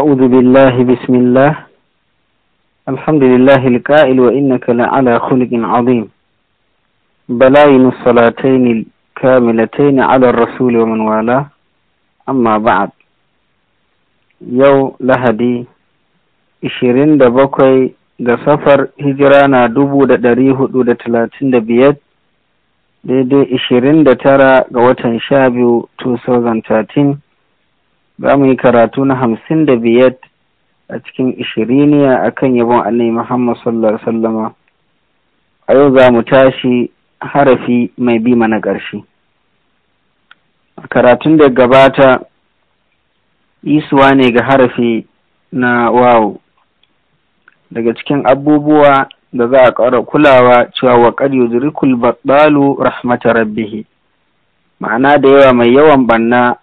أعوذ بالله بسم الله الحمد لله القائل وإنك لعلى خلق عظيم بلاين الصلاتين الكاملتين على الرسول ومن والاه أما بعد يو yau lahadi 27 ga safar hijira na 435 daidai 29 ga watan 12 2013 za mu yi karatu na hamsin da biyar a cikin ishiriniya a kan yabon annabi Muhammad sallallahu sallama a yau za mu tashi harafi mai bi mana ƙarshe karatun da gabata isuwa ne ga harafi na wawo daga cikin abubuwa da za a ƙara kulawa cewa wa ƙad yudrikul rahmata rabbihi ma'ana da yawa mai yawan banna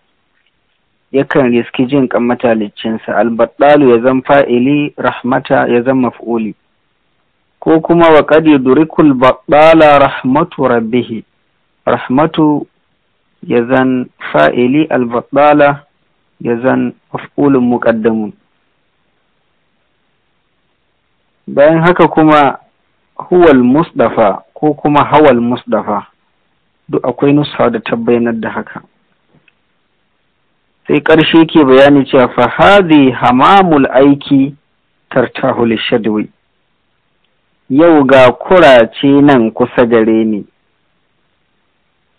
yakan riski jin kan matalicinsa albaɗalu ya zan fa'ili rahmata ya zan maf'uli ko kuma wa qad baɗala rahmatu rabbih rahmatu ya zan fa'ili albaɗala ya zan maf'ulun muqaddamun bayan haka kuma huwal musdafa ko kuma hawal musdafa duk akwai nusa da tabbayar da haka sai ƙarshe ke bayani cewa fahadi hamamul aiki tartahul shadwi yau ga kurace nan kusa gare ni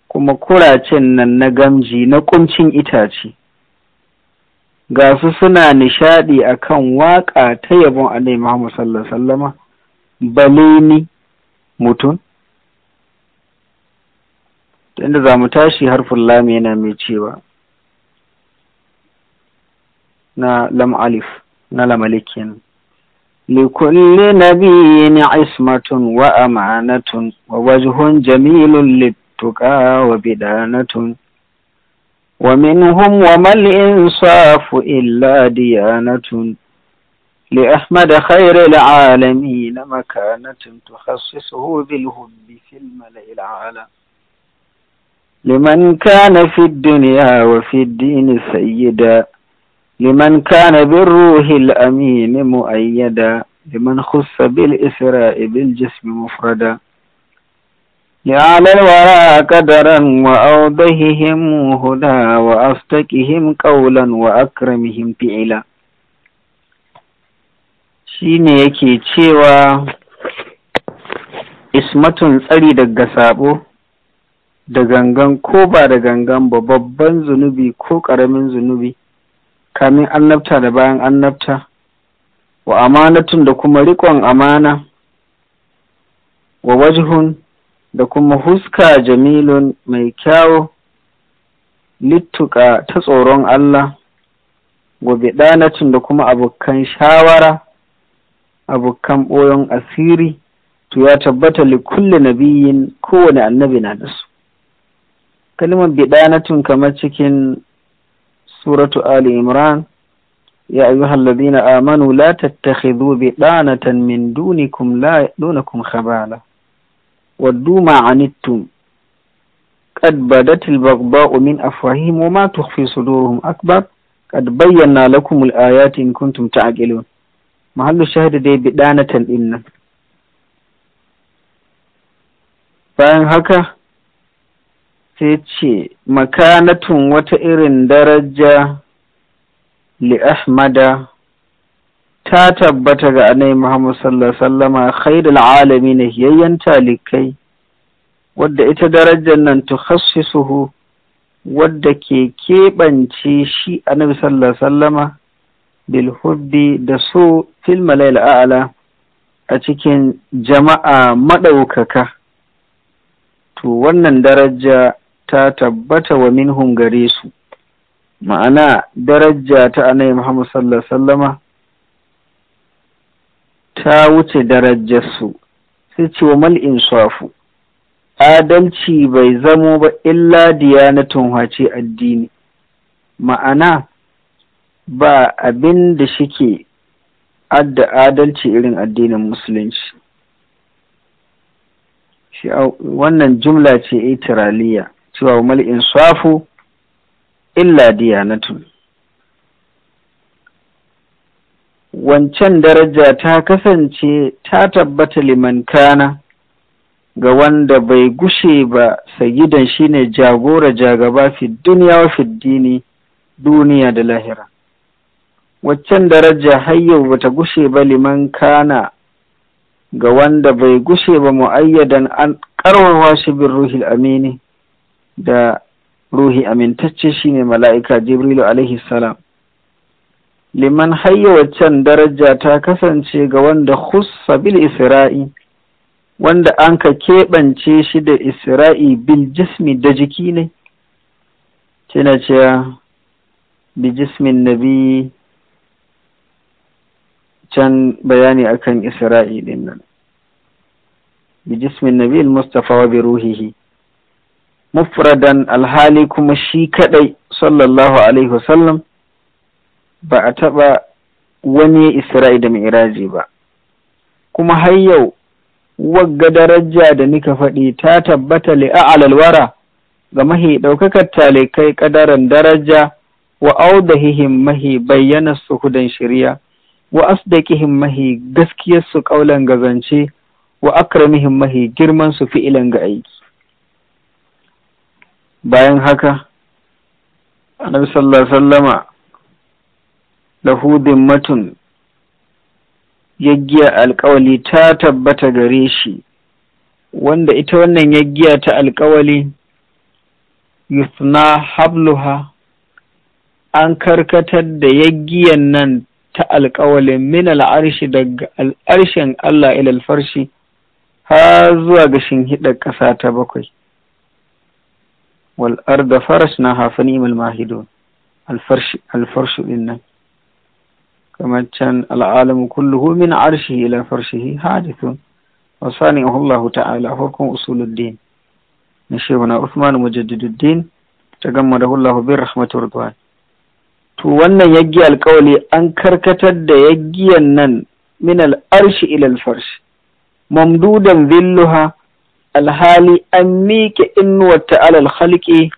kuma kuracen nan na gamji na ƙuncin itace ga su suna nishadi akan waƙa ta yabon alai Muhammad sallallahu sallama bale ni mutum inda za mu tashi harfin lami yana mai cewa نا لم ألف نا لم لكن لكل نبي عصمة وأمانة ووجه جميل للتقى وبدانة ومنهم وما الإنصاف إلا ديانة لأحمد خير العالمين مكانة تخصصه بالهب في الملأ العالى لمن كان في الدنيا وفي الدين سيداً لمن كان بالروح الأمين مؤيدا لمن خص بالإسراء بالجسم مفردا لأعلى الورى قدرا وأوضههم هدى وأصدقهم قولا وأكرمهم فعلا shine yake cewa ismatun tsari daga sabo da gangan ko ba da gangan ba babban zunubi ko ƙaramin zunubi kamin annabta da bayan annabta wa amanatun da kuma riƙon amana wa wajihun da kuma huska jamilun mai kyawo littuka ta tsoron Allah wa bidanatun da kuma abokan shawara abokan ɓoyon asiri to ya tabbata li kulli nabiyin kowane annabi na da su kalimar bidanatun kamar cikin suratu Ali Imran ya ayyuhal ladina amanu la tattakhidhu bidanatan min dunikum la yadunakum khabala waddu ma anittum qad badat al-baghdha'u min afwahihim wa ma tukhfi suduruhum akbar qad bayyana lakum al-ayati in kuntum ta'qilun mahallu shahada dai bidanatan dinnan bayan haka sai ce makanatun wata irin daraja li ahmada ta tabbata ga anai muhammad sallallahu sallama khairul alami na hiyayyen talikai wadda ita darajar nan tukhassisuhu wadda ke keɓance shi annabi sallallahu sallama bil da so fil malayil a'ala a cikin jama'a maɗaukaka to wannan daraja ta tabbata wa minhum gare su ma'ana daraja ta annabi Muhammad sallallahu alaihi wasallama ta wuce darajarsu sai ce wa mal insafu adalci bai zamo ba illa diyanatun wace addini ma'ana ba abin da shike adda adalci irin addinin musulunci wannan jumla ce itiraliya cewa mal insafu illa diyanatun wancan daraja ta kasance ta tabbata liman kana ga wanda bai gushe ba sayidan shine jagora jagaba fi duniya wa fiddini duniya da lahira waccan daraja hayyau ba ta gushe ba liman kana ga wanda bai gushe ba mu'ayyadan an karwawa shi bin ruhil amini da ruhi amintacce shine mala'ika jibrilu alaihi salam liman hayya waccan daraja ta kasance ga wanda hussa bil isra'i wanda an ka keɓance shi da isra'i bil jismi da jiki ne tana cewa bi jismin nabi can bayani akan isra'i din nan bi jismin nabi mustafa wa bi ruhihi mufradan alhali kuma shi kadai sallallahu alaihi wasallam ba a taɓa wani isra'i da mi'raji ba kuma har yau wagga daraja da nika faɗi ta tabbata li'a'alal wara ga mahi ɗaukakar talikai ƙadaran daraja wa audahihim mahi bayyana su hudan shirya wa asdaqihim mahi gaskiyar su ƙaulan gazance wa akramihim mahi girman su fi'ilan ga aiki bayan haka annabi sallallahu sallama lahu matun, yaggiya alkawali ta tabbata gare shi wanda ita wannan yaggiya ta alkawali yusna habluha an karkatar da yaggiyan nan ta alkawalin min al'arshi daga al'arshin Allah ila farshi har zuwa ga shinhiɗar ƙasa ta bakwai والأرض فرشناها فنيم الماهدون الفرش الفرش إن كما كان العالم كله من عرشه إلى فرشه حادث وصانعه الله تعالى حكم أصول الدين من شيخنا عثمان مجدد الدين تجمده الله بالرحمة والرضوان to wannan yaggi alkawali an karkatar da yaggiyan nan min al'arshi ilal farshi mamdudan zilluha alhali an miƙe innuwar ta'alal halƙi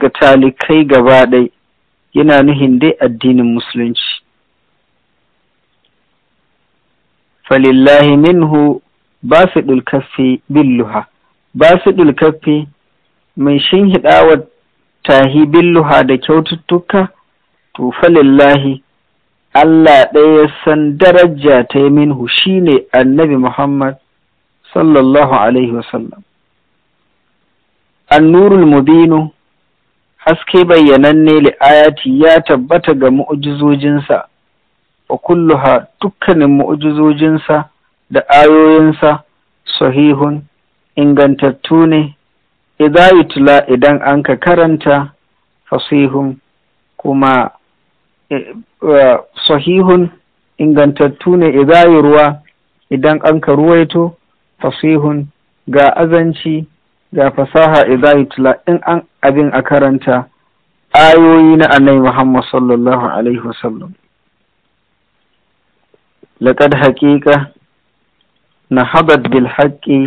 ga talikai gaba ɗai yana nuhin dai addinin musulunci falillahi minhu ba su ɗulkafi billuha ba su ɗulkafi mai shin hiɗawar tahi billuha da kyaututtuka to falillahi Allah ɗaya san daraja ta yi minhu shine annabi Muhammad sallallahu alaihi wasallam annurul mubinu haske bayyananne li'ayati ya tabbata ga mu'ujizojinsa wa kulluha dukkanin mu'ujizojinsa da ayoyinsa sahihun ingantattu ne idza yutla idan an ka karanta fasihun kuma eh, sahihun ingantattu ne idza yurwa idan an ka ruwaito fasihun ga azanci ga fasaha idan yutla in an abin a karanta ayoyi na annabi Muhammad sallallahu alaihi wasallam laqad haqiqa a bil haqqi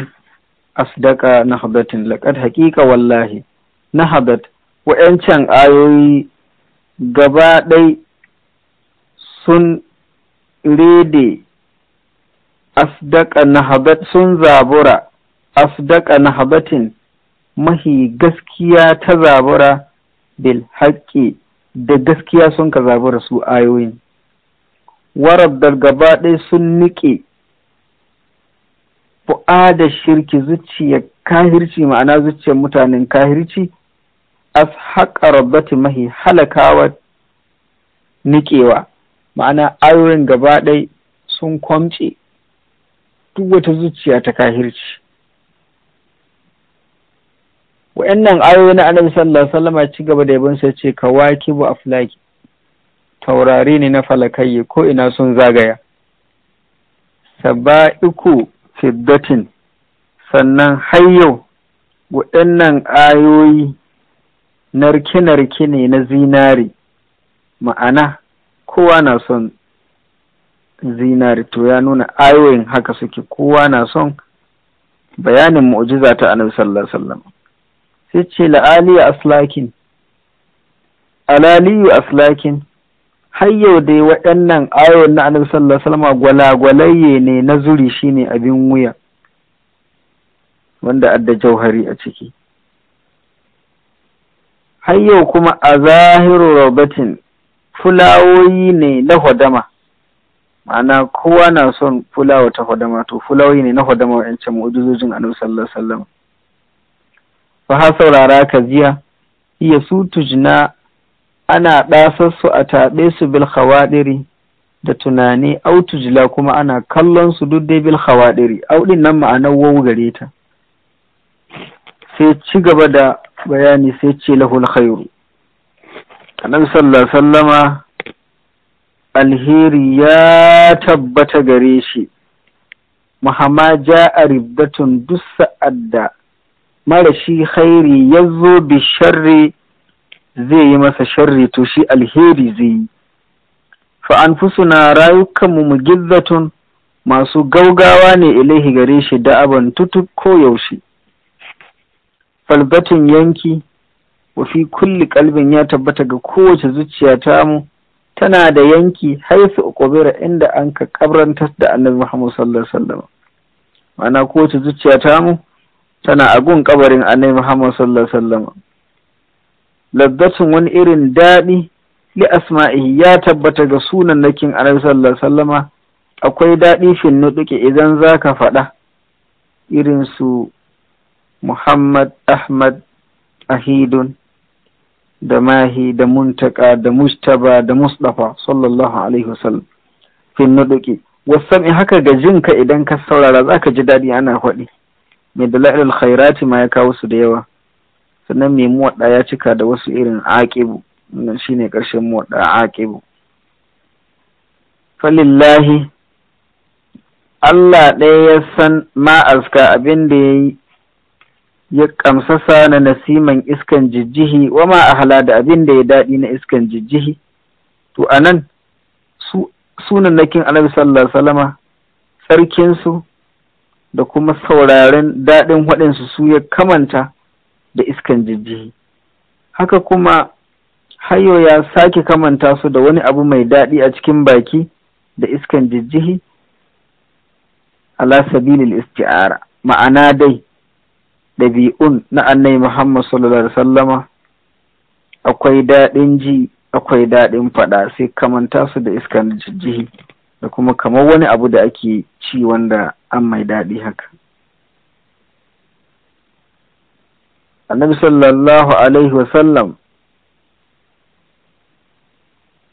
asdaqa nahdatin laqad haqiqa wallahi nahadat wa'ancan ayoyi gaba ɗai sun rede asdaka nahabat sun zabura asdaka nahabatin mahi gaskiya ta zabura bil haƙƙi da gaskiya sun ka zabura su ayoyin warar da gaba ɗaya sun niƙe da shirki zuciyar kahirci ma'ana zuciyar mutanen kahirci as haƙa rabbati mahi halakawa niƙewa ma'ana ayoyin gaba ɗaya sun kwamce duk wata zuciya ta kahirci wa'annan ayoyi na annabi sallallahu alaihi wasallam ci gaba da yabon sai ce kawakibu aflaki taurari ne na falakayye ko ina sun zagaya saba'iku fiddatin sannan har yau waɗannan ayoyi narke-narke ne na zinari ma'ana kowa na son zinari to ya nuna ayoyin haka suke kowa na son bayanin mu'jiza ta annabi sallallahu alaihi wasallam sai ce la'ali aslakin alaliyu aslakin har yau dai waɗannan ayoyin na annabi sallallahu alaihi wasallam gwalagwalayye ne na zuri shine abin wuya wanda adda jauhari a ciki har yau kuma a zahiru fulawoyi ne na hodama ma'ana kowa na son fulawa ta hodama to fulawi ne na hodama wa'ancan mu'ujizojin annabi sallallahu alaihi wasallam fa ha saurara ka jiya su tujina ana su a taɓe su bil khawadiri da tunani au tujla kuma ana kallon su duk dai bil khawadiri au din nan ma'anar wau gare ta sai ci gaba da bayani sai ce lahul khairu annabi sallallahu alaihi wasallama alheri ya tabbata gare shi muhamma a ribdatun duk sa'adda shi khairi ya zo bi sharri zai yi masa sharri to shi alheri zai yi Fa'an an na rayukanmu mu gizzatun masu gaugawa ne ilaihi gare shi da'aban tutu ko yaushe falbatin yanki wafi kulli kalbin ya tabbata ga kowace zuciya ta mu tana da yanki haifu kubira inda an ka ƙabrantar da annabi Muhammad sallallahu alaihi wasallam ko ta zuciya ta mu tana gun ƙabarin annabi Muhammad sallallahu alaihi wasallam Laddatun wani irin daɗi li asma'ihi ya tabbata ga sunan nakin annabi sallallahu alaihi wasallama akwai daɗi fin nuɗuke idan za ka faɗa irin su Muhammad Ahmad Ahidun da mahi da muntaka da mustaba da mustafa sallallahu alaihi wasallam fin nuduki wasan haka ga jinka idan ka saurara zaka ji daɗi ana faɗi mai dalailul khairati ma ya kawo su da yawa sannan mai muwaɗa ya cika da wasu irin aqibu wannan shine ƙarshen muwaɗa aqibu falillahi Allah ɗaya ya san ma'azka abin da ya yi ya kamsasa na nasiman iskan jijjihi wa ma ahala da abin da ya daɗi na iskan jijjihi to anan sunan sunannakin annabi sallallahu alaihi wasallama tsarkin su da kuma sauraren daɗin waɗansu su ya kamanta da iskan jijjihi haka kuma hayo ya sake kamanta su da wani abu mai daɗi a cikin baki da iskan jijjihi ala sabilil isti'ara ma'ana dai ɗabi'un na annai Muhammad sallallahu alaihi sallama akwai daɗin ji akwai daɗin faɗa sai kamanta su da iskan jijjihi da kuma kamar wani abu da ake ci wanda an mai daɗi haka. annabi sallallahu alaihi wasallam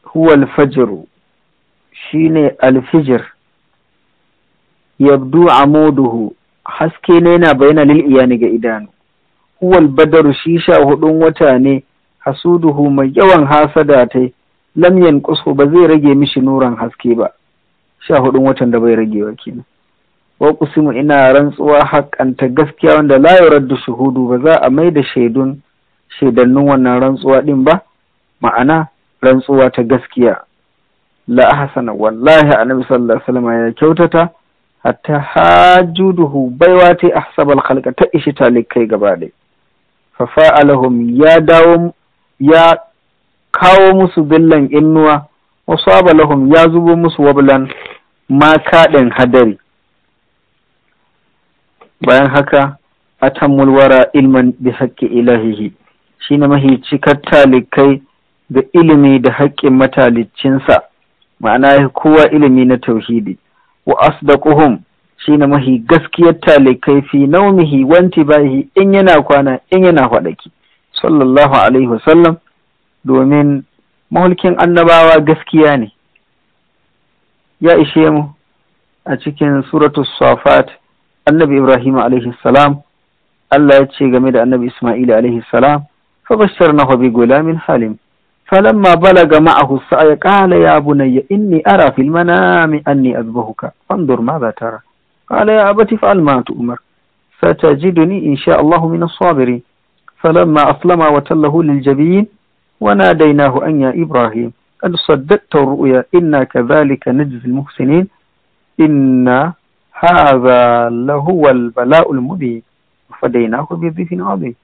huwa alfajiru shine alfijir yabdu amuduhu haske ne yana bayyana lil iyani ga idanu huwal badaru shi sha hudun wata ne hasuduhu mai yawan hasada ta lam yanqusu ba zai rage mishi nuran haske ba sha hudun watan da bai rage wa wa kusimu ina rantsuwa haƙanta gaskiya wanda la yuraddu shuhudu ba za a mai da shaidun shaidannun wannan rantsuwa din ba ma'ana rantsuwa ta gaskiya la ahsana wallahi annabi sallallahu alaihi wasallam ya kyautata hatta hajuduhu baiwa ta ahsabal khalqa ta ishi talikai gaba Fafa fa fa'alahum ya dawo ya kawo musu billan innuwa wasu abalahum ya zubo musu wablan ma hadari bayan haka a tamulwara ilman bi haƙƙi ilahihi shine mahi cikar talikai da ilimi da haƙƙin matalicinsa ma'ana kowa ilimi na tauhidi wa asdaquhum shine mahi gaskiyar talikai fi naumihi wanti bahi in yana kwana in yana faɗaki sallallahu alaihi wasallam domin mahulkin annabawa gaskiya ne ya ishe mu a cikin suratu safat annabi ibrahim alaihi salam Allah ya ce game da annabi isma'il alaihi salam fa bashsharnahu bi gulamin halim فلما بلغ معه السعي قال يا بني إني أرى في المنام أني أذبحك فانظر ماذا ترى قال يا أبت فعل ما تؤمر ستجدني إن شاء الله من الصابرين فلما أسلم وتله للجبين وناديناه أن يا إبراهيم قد صدقت الرؤيا إنا كذلك نجزي المحسنين إن هذا لهو البلاء المبين فديناه بذيف عظيم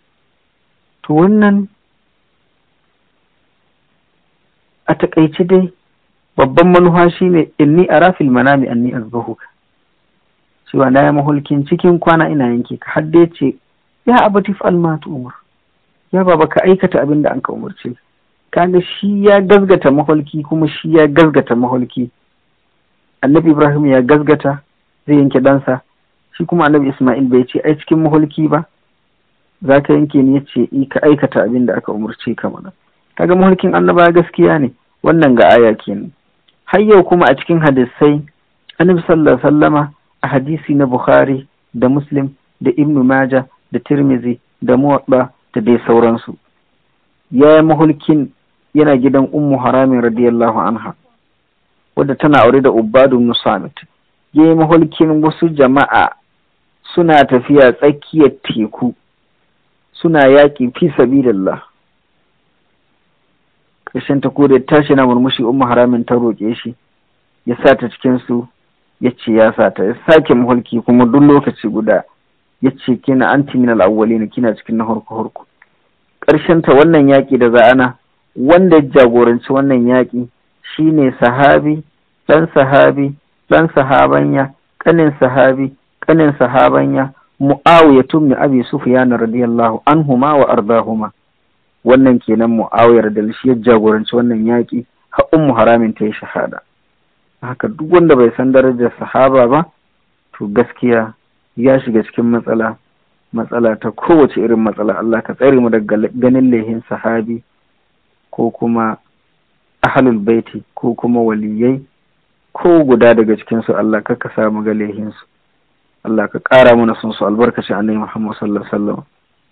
تونن takaici dai babban manuwa shine inni rafil manami anni azbahuka cewa na yi mahulkin cikin kwana ina yanke ka har ce ya abatif almatu umar ya baba ka aikata abin da an ka umarce kaga shi ya gazgata mahulki kuma shi ya gazgata mahulki annabi ibrahim ya gazgata zai yanke ɗansa shi kuma annabi isma'il bai ce ai cikin mahulki ba za ka yanke ni ya ce ka aikata abin da aka umarce ka mana kaga mahulkin annaba gaskiya ne wannan ga aya kenan har yau kuma a cikin hadisai annabi sallallahu sallama a hadisi na bukhari da muslim da ibn maja da tirmizi da muwaɗa da dai sauransu ya yi mahulkin yana gidan ummu haramin radiyallahu anha wadda tana aure da ubadu musamit ya yi mahulkin wasu jama'a suna tafiya tsakiyar teku suna yaƙi fi sabilillah ƙarshen ta ko da ya tashi na murmushi umma haramin ta roƙe shi ya sa ta cikin su ya ce ya sa ta ya sake mahulki kuma duk lokaci guda ya ce kina anti minal awwali ne kina cikin na horko horko ƙarshen ta wannan yaƙi da za'ana wanda ya jagoranci wannan yaƙi shine sahabi ɗan sahabi ɗan sahabanya ƙanin sahabi ƙanin sahabanya mu'awiyatun min abi sufyan radiyallahu anhuma wa ardahuma wannan kenan mu'awiyar da shi ya jagoranci wannan yaƙi har ummu haramin ta yi shahada haka duk wanda bai san darajar sahaba ba to gaskiya ya shiga cikin matsala matsala ta kowace irin matsala Allah ka tsare mu daga ganin lehin sahabi ko kuma ahlul baiti ko kuma waliyai ko guda daga cikinsu Allah ka ka samu ga lehinsu Allah ka ƙara mana sun su albarkaci annabi Muhammad sallallahu alaihi wasallam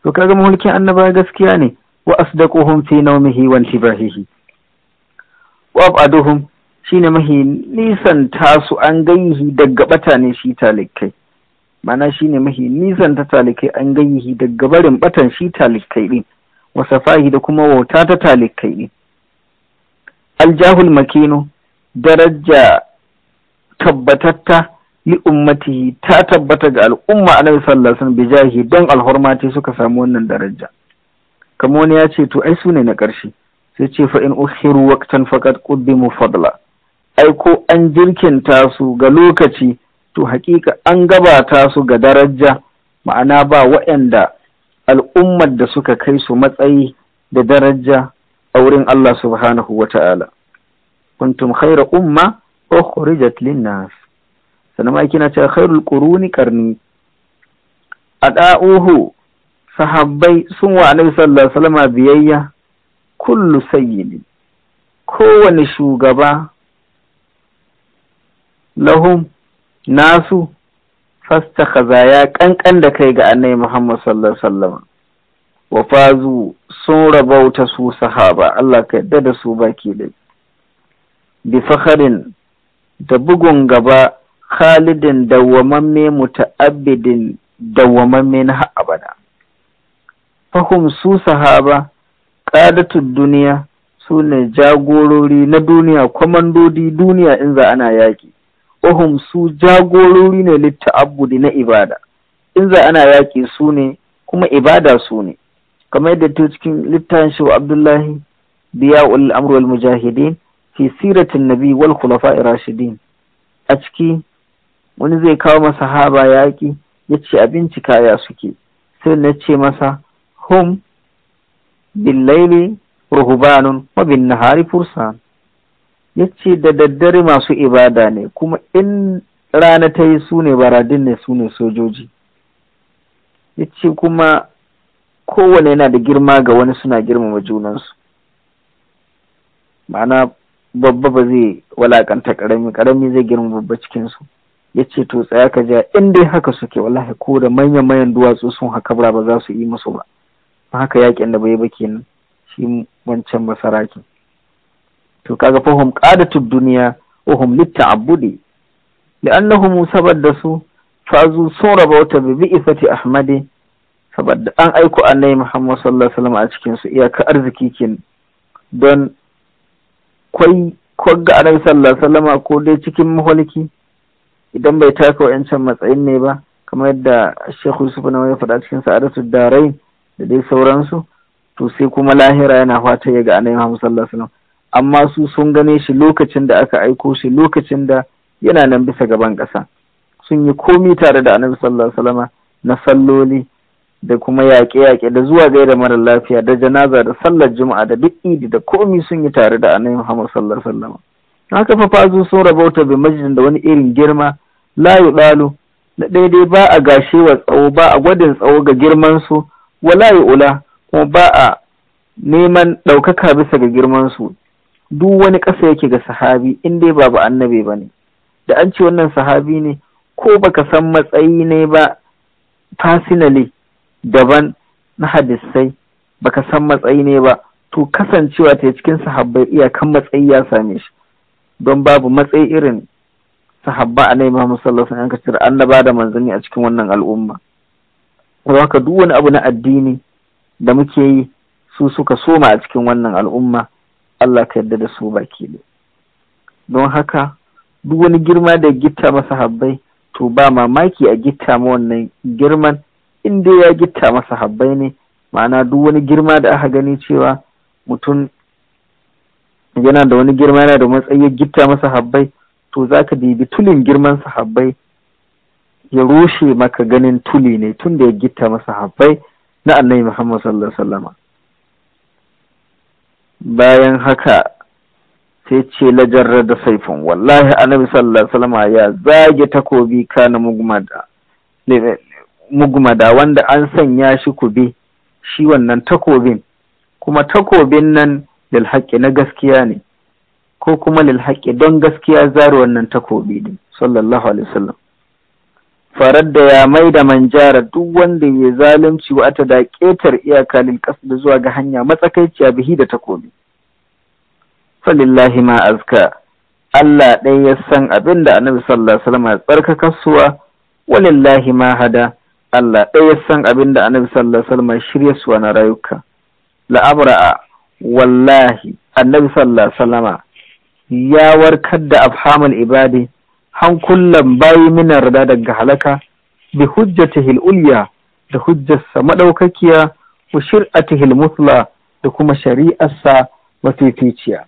to kaga mulkin annaba gaskiya ne وأصدقهم في نومه وانتباهه وأبعدهم shine mahi nisan tasu an gayyihi daga bata ne shi talikai mana shine mahi nisan ta talikai an gayyihi daga barin batan shi talikai din wasafahi da kuma wauta ta talikai din aljahul makino daraja tabbatatta li ummatihi ta tabbata ga al'umma alaihi sallallahu alaihi wasallam bijahi dan alhormati suka samu wannan daraja kamar wani ya ce to ai su ne na ƙarshe sai ce fa in ukhiru waqtan faqat quddimu fadla ai ko an jirkinta su ga lokaci to hakika an gabata su ga daraja ma'ana ba waɗanda al'ummar da suka kai su matsayi da daraja a wurin Allah subhanahu wa ta'ala kuntum khaira umma ukhrijat linnas sannan ce kina ce khairul quruni qarni ada'uhu sahabbai sun wa annabi sallallahu alaihi wasallam biyayya kullu sayyidin kowane shugaba lahum nasu fastakaza ya kankan da kai ga annabi Muhammad sallallahu alaihi wasallam wa fazu sun rabauta su sahaba Allah ka yadda da su baki da bi fakharin da bugun gaba khalidin dawwamamme muta'abbidin dawwamamme na abada fahum su sahaba ƙadatun duniya su ne jagorori na duniya kwamandodi duniya in za ana yaƙi fahum su jagorori ne litta'abbudi na ibada in za ana yaƙi su ne kuma ibada su ne kamar yadda ta cikin littafin shi abdullahi biya amru wal mujahidin fi siratin nabi wal kulafa irashidin a ciki wani zai kawo masa haba yaƙi ya ce a bincika ya suke sai na ce masa hum billaili ruhbanun wa bin nahari fursan yace da daddare masu ibada ne kuma in rana ta yi su ne baradin ne su ne sojoji yace kuma kowane yana da girma ga wani suna girmama junansu ma'ana babba ba zai walakanta karami karami zai girma babba cikinsu ya ce to tsaya ka ja in dai haka suke wallahi ko da manyan manyan duwatsu sun haka ba za su yi musu ba haka yakin da bai ba kenan shi wancan masaraki. to kaga fa hum qadatu dunya wa hum litta'abbudi li'annahum da su fazu sun raba wata bi bi'ifati ahmadi saboda an aiko annabi Muhammad sallallahu alaihi wasallam a cikin su iyaka arziki kin don kwai kwagga annabi sallallahu alaihi wasallam ko dai cikin maholiki idan bai taka wa'ancan matsayin ne ba kamar yadda Sheikh Yusuf na ya faɗa cikin sa'adatu darai da dai sauransu to sai kuma lahira yana fata ya ga anayin Muhammad sallallahu amma su sun gane shi lokacin da aka aiko shi lokacin da yana nan bisa gaban ƙasa sun yi komi tare da annabi sallallahu na salloli da kuma yaƙe-yaƙe da zuwa gaida mara lafiya da janaza da sallar juma'a da duk idi da komi sun yi tare da annabi Muhammad sallallahu alaihi wasallam haka fa fazu sun rabauta bi majidin da wani irin girma Layu Ɗalu, da daidai ba a gashewa tsawo ba a gwadin tsawo ga girman su wala ya ula kuma ba a neman ɗaukaka bisa ga girmansu duk wani ƙasa yake ga sahabi in dai ba annabi ba ne da an ce wannan sahabi ne ko baka san matsayi ne ba fasinali daban na hadisai baka san matsayi ne ba to kasancewa ta cikin sahabbai iyakan matsayi ya same shi don babu matsayi irin sahabba a nai Muhammad sallallahu alaihi an annaba da manzanni a cikin wannan al'umma haka duk wani abu na addini da muke yi su suka soma a cikin wannan al'umma Allah ka yarda da su baki ne don haka duk wani girma da gitta masa habbai to ba mamaki a gitta ma wannan girman in dai ya gitta masa habbai ne ma'ana duk wani girma da aka gani cewa mutum yana da wani girma yana da matsayi gitta masa habbai to zaka bibi tulin girman sahabbai ya rushe maka ganin tuli ne tun da ya gita masa haɓai na annabi Muhammad sallallahu wasallama bayan haka sai ce lajarra da saifin wallahi annabi sallallahu wasallama ya zage takobi kana mugmada wanda an sanya shi kube shi wannan takobin kuma takobin nan lilhaƙi na gaskiya ne ko kuma lilhaƙi don gaskiya zare wannan takobi din sallallahu alaihi wasallam farar da ya mai da manjara duk wanda ya zalunci wa ta da ƙetar iyaka lil da zuwa ga hanya matsakaiciya bihi da takobi falillahi ma azka Allah ɗaya ya san abin da annabi sallallahu alaihi wasallam ya tsarka kasuwa, walillahi ma hada Allah ɗaya ya san abin da annabi sallallahu alaihi wasallam shirya suwa na rayuka a wallahi annabi sallallahu alaihi wasallam ya warkar da afhamul ibadi hankulan bayi muna rada daga halaka bi hujjata ulya da hujjarsa madaukakiya wa hil musla da kuma shari'arsa mafificiya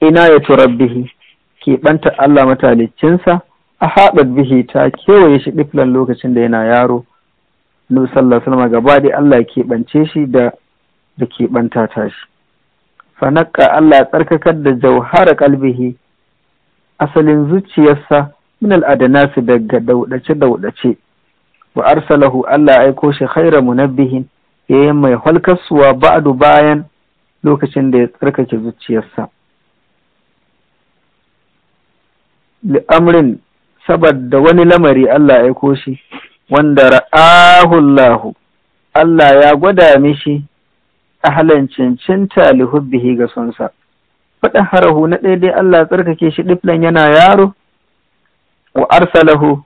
ina ya turabbihi keɓanta Allah matalicinsa a haɗar bihi ta kewaye shi ɗiflan lokacin da yana yaro Nu sallallahu alaihi gaba da Allah keɓance shi da da keɓanta ta shi fanakka Allah tsarkakar da jauhara kalbihi asalin zuciyarsa min al'adanasi daga daudace-daudace wa arsalahu Allah aiko shi khaira munabbihin yayi mai halkasuwa ba'du bayan lokacin da ya tsarkake zuciyarsa li'amrin saboda wani lamari Allah aiko shi wanda ra'ahullahu Allah ya gwada mishi ahalan cincinta lihubbihi ga sonsa. faɗa harahu na ɗaya dai Allah tsarkake shi ɗiflan yana yaro wa arsalahu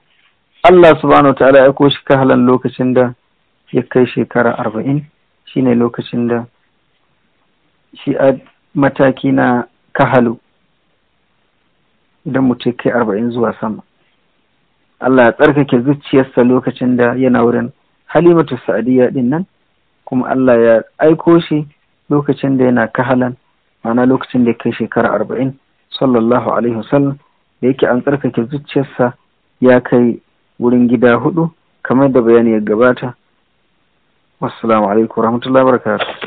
Allah subhanahu ta'ala ya shi kahalan lokacin da ya kai shekara arba'in shine lokacin da shi a mataki na kahalu idan mutum kai arba'in zuwa sama Allah ya tsarkake zuciyarsa lokacin da yana wurin halimatu sa'adiyya din nan kuma Allah ya aiko shi lokacin da yana kahalan ma'ana lokacin da ya kai shekara arba'in sallallahu alaihi wasallam da yake an tsarkake zuciyarsa ya kai wurin gida hudu kamar da bayani ya gabata wassalamu alaikum warahmatullahi wabarakatuh